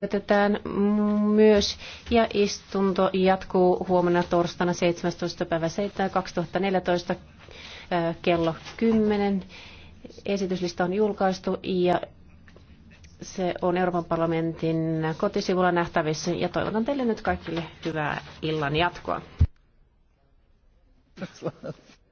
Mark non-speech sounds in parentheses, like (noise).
Käytetään myös ja istunto jatkuu huomenna torstaina 17. päivä 7. 2014 äh, kello 10. Esityslista on julkaistu ja se on Euroopan parlamentin kotisivulla nähtävissä ja toivotan teille nyt kaikille hyvää illan jatkoa. (laughs)